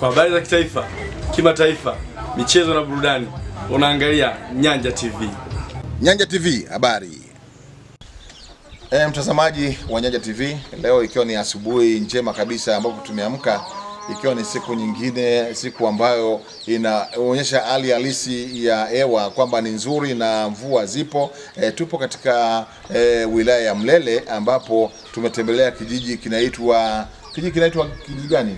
Kwa habari za kitaifa, kimataifa, michezo na burudani, unaangalia Nyanja TV. Nyanja TV habari. E, mtazamaji wa Nyanja TV, leo ikiwa ni asubuhi njema kabisa ambapo tumeamka ikiwa ni siku nyingine, siku ambayo inaonyesha hali halisi ya hewa kwamba ni nzuri na mvua zipo. E, tupo katika e, wilaya ya Mlele ambapo tumetembelea kijiji kinaitwa Kijiji kinaitwa kijiji gani?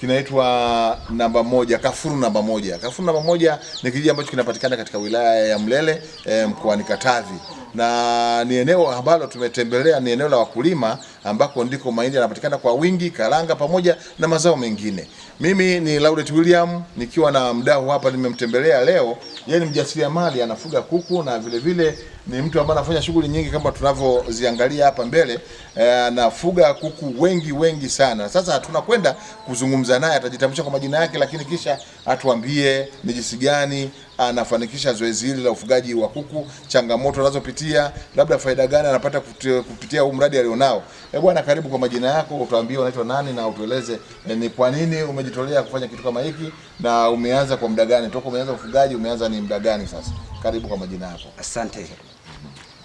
Kinaitwa namba moja, Kafuru namba moja. Kafuru namba moja ni kijiji ambacho kinapatikana katika wilaya ya Mlele eh, mkoani Katavi, na ni eneo ambalo tumetembelea, ni eneo la wakulima ambako ndiko mahindi yanapatikana kwa wingi, karanga pamoja na mazao mengine. Mimi ni Laurent William nikiwa na mdau hapa, nimemtembelea leo. Yeye ni mjasiriamali, anafuga kuku na vile vile ni mtu ambaye anafanya shughuli nyingi kama tunavyoziangalia hapa mbele. Eh, anafuga kuku wengi wengi sana. Sasa tunakwenda kuzungumza naye, atajitambulisha kwa majina yake, lakini kisha atuambie ni jinsi gani anafanikisha zoezi hili la ufugaji wa kuku, changamoto anazopitia, labda faida gani anapata kupitia huu mradi alionao. E bwana, karibu kwa majina yako, utuambie unaitwa nani na utueleze eh, ni kwa nini umejitolea kufanya kitu kama hiki na umeanza kwa muda gani? Toka umeanza ufugaji umeanza ni muda gani sasa? Karibu kwa majina yako. Asante.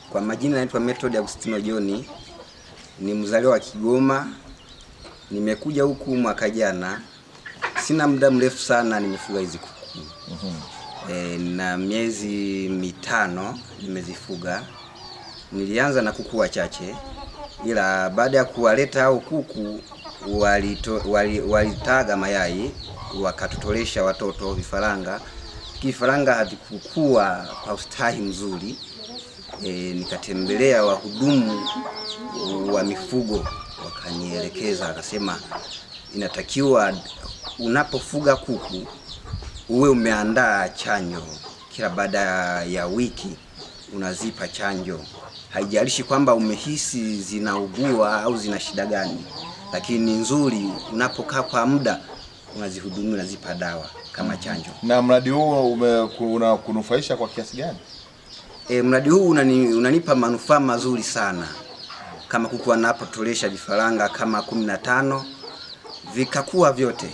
Kwa majina naitwa Method Agustino Joni, ni mzaliwa wa Kigoma. Nimekuja huku mwaka jana, sina muda mrefu sana, nimefuga hizi kuku mm -hmm. E, eh, na miezi mitano nimezifuga. Nilianza na kuku wachache ila baada ya kuwaleta hao kuku walitaga wali, walitaga mayai wakatutolesha watoto vifaranga. Vifaranga havikukua kwa ustahi mzuri e, nikatembelea wahudumu wa mifugo wakanielekeza, akasema inatakiwa unapofuga kuku uwe umeandaa chanjo kila baada ya wiki unazipa chanjo haijalishi kwamba umehisi zinaugua au zina shida gani, lakini nzuri, unapokaa kwa muda unazihudumia, unazipa dawa kama mm. chanjo. Na mradi huo unakunufaisha kwa kiasi gani? E, mradi huu unani, unanipa manufaa mazuri sana kama kuku anapotolesha vifaranga kama kumi na tano vikakuwa vyote,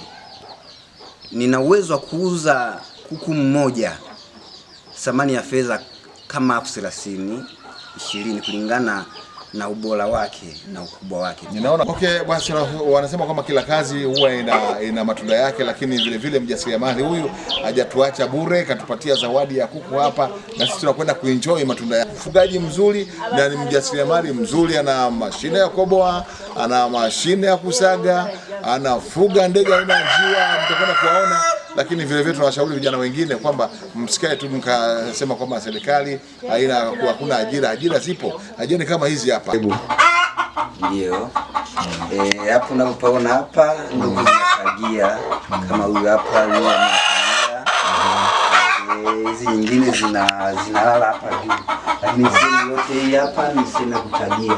nina uwezo wa kuuza kuku mmoja thamani ya fedha kama elfu thelathini ishirini kulingana na ubora wake na ukubwa wake. Ninaona okay, basi wanasema kwamba kila kazi huwa ina, ina matunda yake, lakini vile vile mjasiriamali huyu hajatuacha bure, katupatia zawadi ya kuku hapa, na sisi tunakwenda kuenjoy matunda yake. Mfugaji mzuri na ni mjasiriamali mzuri, ana mashine ya koboa, ana mashine ya kusaga, anafuga ndege aina ya njiwa, mtakwenda kuwaona lakini vile vile tunawashauri vijana wengine kwamba msikae tu mkasema kwamba serikali haina hakuna ajira. Ajira zipo, ajira ni kama hizi hapa. Ndio e, hapo unapoona hapa ndugu zinafagia kama huyu hapa e, hizi nyingine zina zinalala hapa juu, lakini sehemu yote hii hapa ni sehemu ya kutagia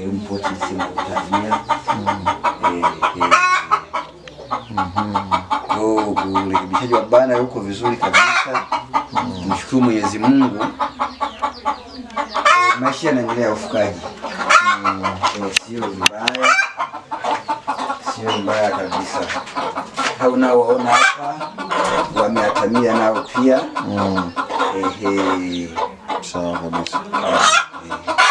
e, mpoti, sehemu ya kutagia. Mhm urekebishaji oh, wa bana yuko vizuri kabisa. mm. Mwenyezi Mungu, maisha yanaendelea ya ufukaji, hmm, sio mbaya, sio mbaya kabisa. Hao nao waona hapa wameatamia nao pia, hmm. ehe, sawa kabisa.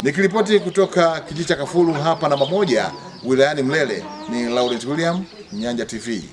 Nikiripoti kutoka kijiji cha Kafulu hapa namba moja wilayani Mlele, ni Laurent William, Nyanja TV.